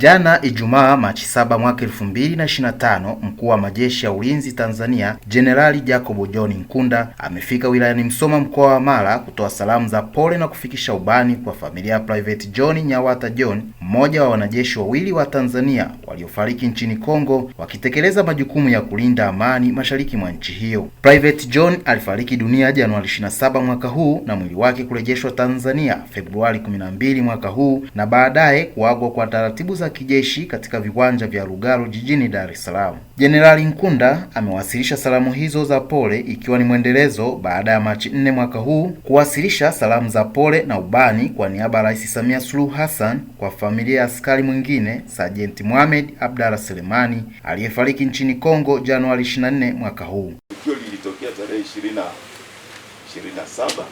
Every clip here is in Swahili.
Jana Ijumaa Machi 7 mwaka 2025, mkuu wa majeshi ya ulinzi Tanzania Jenerali Jacob John Mkunda amefika wilayani Msoma mkoa wa Mara kutoa salamu za pole na kufikisha ubani kwa familia ya Private John Nyawata John, mmoja wa wanajeshi wawili wa Tanzania waliofariki nchini Kongo wakitekeleza majukumu ya kulinda amani mashariki mwa nchi hiyo. Private John alifariki dunia Januari 27 mwaka huu na mwili wake kurejeshwa Tanzania Februari 12 mwaka huu na baadaye kuagwa kwa taratibu za kijeshi katika viwanja vya Lugalo jijini Dar es Salaam. Jenerali Nkunda amewasilisha salamu hizo za pole ikiwa ni mwendelezo baada ya Machi 4 mwaka huu kuwasilisha salamu za pole na ubani kwa niaba ya Rais Samia Suluhu Hassan kwa familia ya askari mwingine Sajenti Mohamed Mohamed Abdalla Selemani aliyefariki nchini Kongo Januari 24 mwaka huu. Tukio lilitokea tarehe 27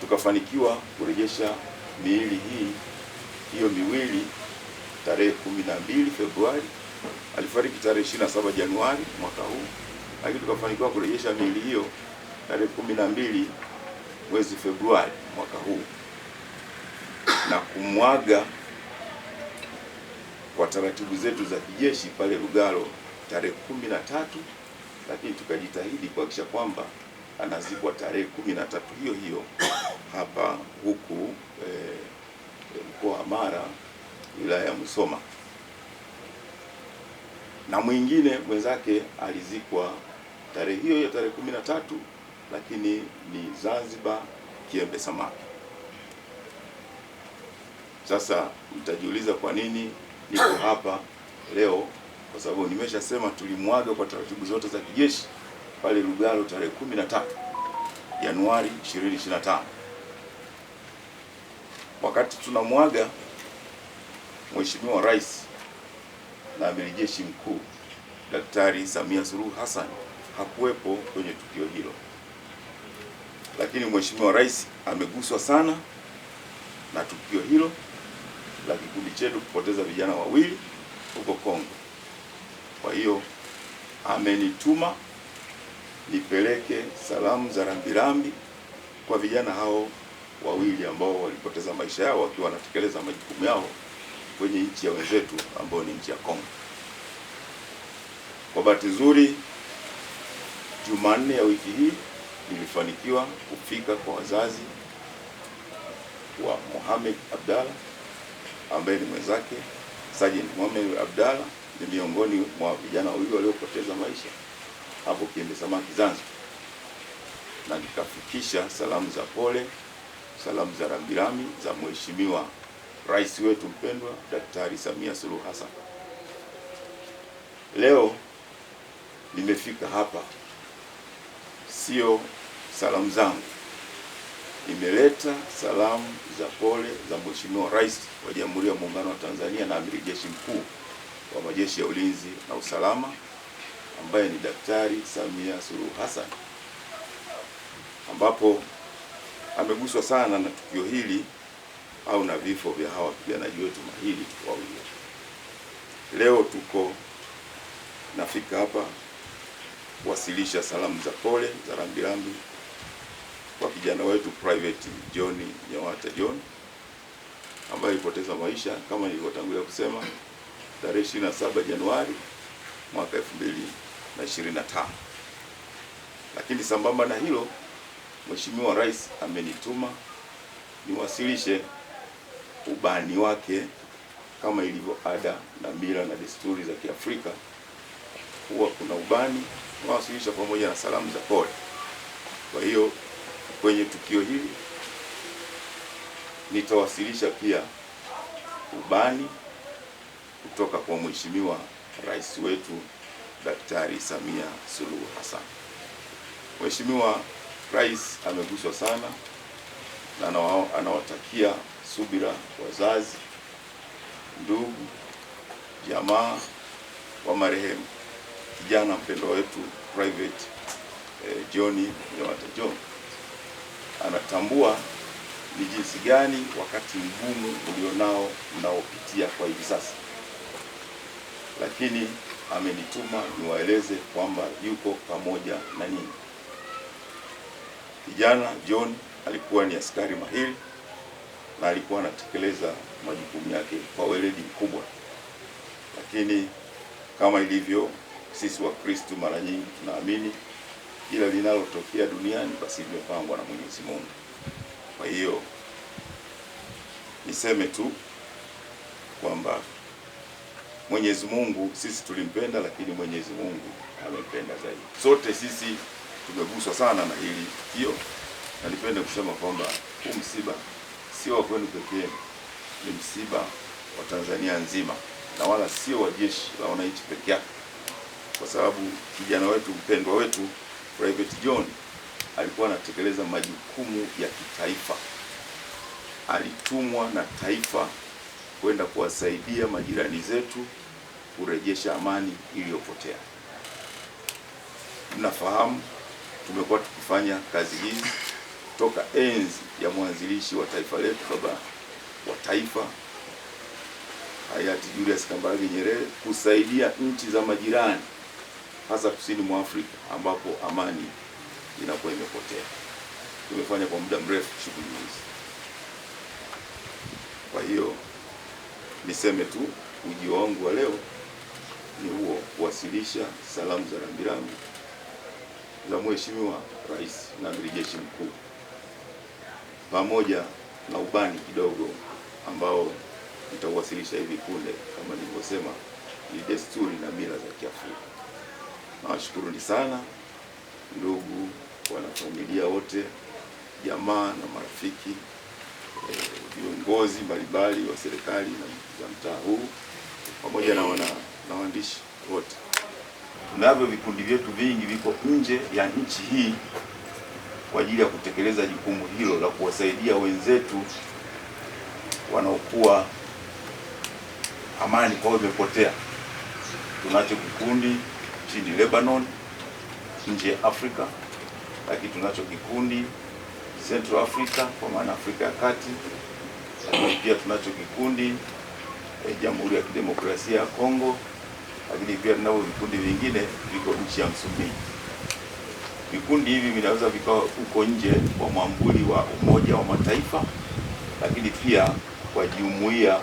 tukafanikiwa kurejesha miili hii hiyo miwili tarehe 12 Februari, alifariki tarehe 27 Januari mwaka huu, lakini tukafanikiwa kurejesha miili hiyo tarehe 12 mwezi Februari mwaka huu na kumwaga kwa taratibu zetu za kijeshi pale Lugalo tarehe kumi na tatu, lakini tukajitahidi kuhakikisha kwamba anazikwa tarehe kumi na tatu hiyo hiyo hapa huku eh, eh, mkoa wa Mara wilaya ya Musoma, na mwingine mwenzake alizikwa tarehe hiyo hiyo tarehe kumi na tatu, lakini ni Zanzibar Kiembe Samaki. Sasa mtajiuliza kwa nini niko hapa leo kwa sababu nimeshasema tulimwaga kwa taratibu zote za kijeshi pale Lugalo tarehe 13 Januari 2025. Wakati tunamwaga Mheshimiwa Rais na Amiri Jeshi Mkuu Daktari Samia Suluhu Hassan hakuwepo kwenye tukio hilo, lakini Mheshimiwa Rais ameguswa sana na tukio hilo la kikundi chetu kupoteza vijana wawili huko Kongo. Kwa hiyo amenituma nipeleke salamu za rambirambi kwa vijana hao wawili ambao walipoteza maisha yao wakiwa wanatekeleza majukumu yao kwenye nchi ya wenzetu ambao ni nchi ya Kongo. Kwa bahati nzuri, Jumanne ya wiki hii nilifanikiwa kufika kwa wazazi wa Mohamed abdallah ambaye ni mwenzake Sergeant Mohamed Abdalla ni miongoni mwa vijana wawili waliopoteza maisha hapo Kiembe Samaki Zanzibar, na nikafikisha salamu za pole, salamu za rambirambi za mheshimiwa rais wetu mpendwa Daktari Samia Suluhu Hassan. Leo nimefika hapa, sio salamu zangu imeleta salamu za pole za Mheshimiwa Rais wa Jamhuri ya Muungano wa Tanzania na Amiri Jeshi Mkuu wa Majeshi ya Ulinzi na Usalama ambaye ni Daktari Samia Suluhu Hassan, ambapo ameguswa sana na tukio hili au na vifo vya hawa wapiganaji wetu mahili wawili. Leo tuko nafika hapa kuwasilisha salamu za pole za rambirambi kwa kijana wetu Private John Nyawata John ambaye alipoteza maisha kama nilivyotangulia kusema tarehe 27 Januari mwaka 2025. Lakini sambamba na hilo, Mheshimiwa Rais amenituma niwasilishe ubani wake kama ilivyo ada na mila na desturi za Kiafrika, huwa kuna ubani unawasilisha pamoja na salamu za pole. Kwa hiyo Kwenye tukio hili nitawasilisha pia ubani kutoka kwa Mheshimiwa Rais wetu Daktari Samia Suluhu Hassan. Mheshimiwa Rais ameguswa sana na anawatakia subira wazazi, ndugu, jamaa wa marehemu kijana mpendwa wetu Private eh, John Nyawata John anatambua ni jinsi gani wakati mgumu ulionao mnaopitia kwa hivi sasa, lakini amenituma niwaeleze kwamba yuko pamoja na nini Kijana John alikuwa ni askari mahiri na alikuwa anatekeleza majukumu yake kwa weledi mkubwa, lakini kama ilivyo sisi Wakristo mara nyingi tunaamini kila linalotokea duniani basi limepangwa na Mwenyezi Mungu. Kwa hiyo niseme tu kwamba Mwenyezi Mungu sisi tulimpenda, lakini Mwenyezi Mungu amempenda zaidi. Sote sisi tumeguswa sana na hili hiyo, na nipende kusema kwamba huu msiba sio wa kwenu pekee, ni msiba wa Tanzania nzima, na wala sio wa jeshi la wananchi peke yake, kwa sababu kijana wetu mpendwa wetu Private John alikuwa anatekeleza majukumu ya kitaifa. Alitumwa na taifa kwenda kuwasaidia majirani zetu kurejesha amani iliyopotea. Mnafahamu tumekuwa tukifanya kazi hii toka enzi ya mwanzilishi wa taifa letu, baba wa taifa hayati Julius Kambarage Nyerere, kusaidia nchi za majirani hasa kusini mwa Afrika ambapo amani inakuwa imepotea. Tumefanya kwa muda mrefu shughuli hizi. Kwa hiyo niseme tu ujio wangu wa leo ni huo, kuwasilisha salamu za rambirambi za Mheshimiwa Rais na Amiri Jeshi Mkuu, pamoja na ubani kidogo ambao nitauwasilisha hivi punde, kama nilivyosema ni desturi na mila za Kiafrika. Nawashukuruni sana ndugu wanafamilia wote, jamaa na marafiki, eh, viongozi e, mbalimbali wa serikali za mtaa huu pamoja na wana, na waandishi wote. Tunavyo vikundi vyetu vingi viko nje ya nchi hii kwa ajili ya kutekeleza jukumu hilo la kuwasaidia wenzetu wanaokuwa amani kwao imepotea. Tunacho kikundi nchini Lebanon, nje ya Afrika, lakini tunacho kikundi Central Africa kwa maana Afrika ya Kati, lakini pia tunacho kikundi eh, Jamhuri ya Kidemokrasia ya Kongo, lakini pia tunavyo vikundi vingine viko nchi ya Msumbiji. Vikundi hivi vinaweza vikawa huko nje kwa mwambuli wa Umoja wa Mataifa, lakini pia kwa jumuiya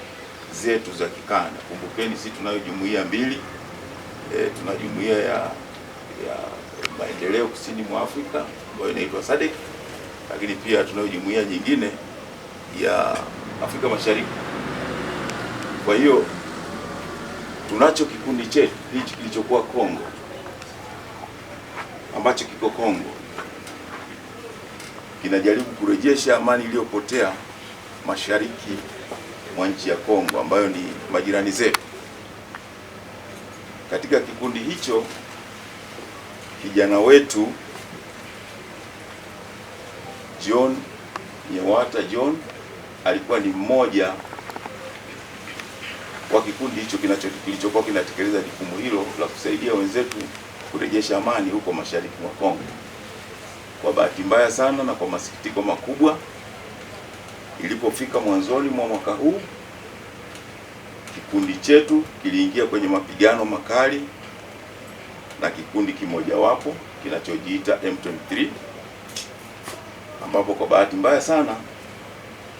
zetu za kikanda. Kumbukeni, sisi tunayo jumuiya mbili e, tuna jumuiya ya ya maendeleo kusini mwa Afrika ambayo inaitwa SADC, lakini pia tunayo jumuiya nyingine ya Afrika Mashariki. Kwa hiyo tunacho kikundi chetu hichi kilichokuwa Kongo ambacho kiko Kongo kinajaribu kurejesha amani iliyopotea mashariki mwa nchi ya Kongo ambayo ni majirani zetu. Katika kikundi hicho kijana wetu John Nyewata John alikuwa ni mmoja wa kikundi hicho kilichokuwa kinatekeleza jukumu hilo la kusaidia wenzetu kurejesha amani huko mashariki mwa Kongo. Kwa bahati mbaya sana na kwa masikitiko makubwa, ilipofika mwanzoni mwa mwaka huu Kikundi chetu kiliingia kwenye mapigano makali na kikundi kimojawapo kinachojiita M23, ambapo kwa bahati mbaya sana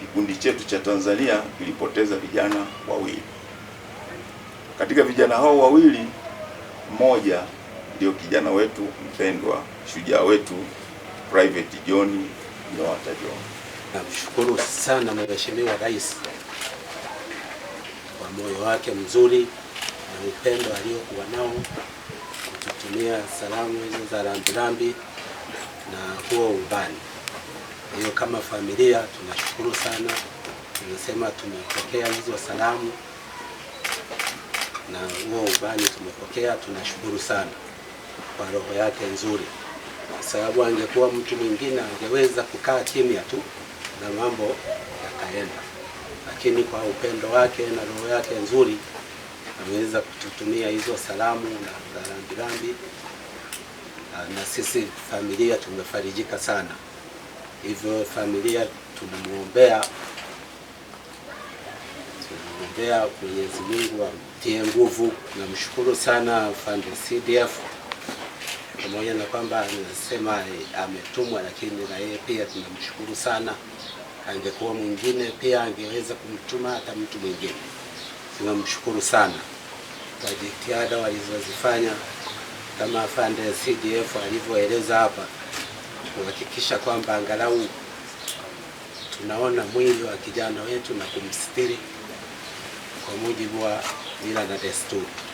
kikundi chetu cha Tanzania kilipoteza vijana wawili. Katika vijana hao wawili, mmoja ndio kijana wetu mpendwa, shujaa wetu Private John Nyawata John. Namshukuru sana Mheshimiwa Rais moyo wake mzuri na upendo aliokuwa nao kututumia salamu hizo za rambirambi na huo umbani. Hiyo kama familia tunashukuru sana, tunasema tumepokea hizo salamu na huo ubani tumepokea, tunashukuru sana kwa roho yake nzuri, kwa sababu angekuwa mtu mwingine angeweza kukaa kimya tu na mambo yakaenda lakini kwa upendo wake na roho yake nzuri ameweza kututumia hizo salamu na rambirambi, ah, na sisi familia tumefarijika sana. Hivyo familia tunamwombea, tunamwombea Mwenyezi Mungu amtie nguvu. Namshukuru sana Fund CDF pamoja na kwamba anasema eh, ametumwa, lakini na yeye pia tunamshukuru sana angekuwa mwingine pia angeweza kumtuma hata mtu mwingine. Tunamshukuru sana kwa jitihada walizozifanya kama afande CDF alivyoeleza hapa, kuhakikisha kwamba angalau tunaona mwili wa kijana wetu na kumstiri kwa mujibu wa mila na desturi.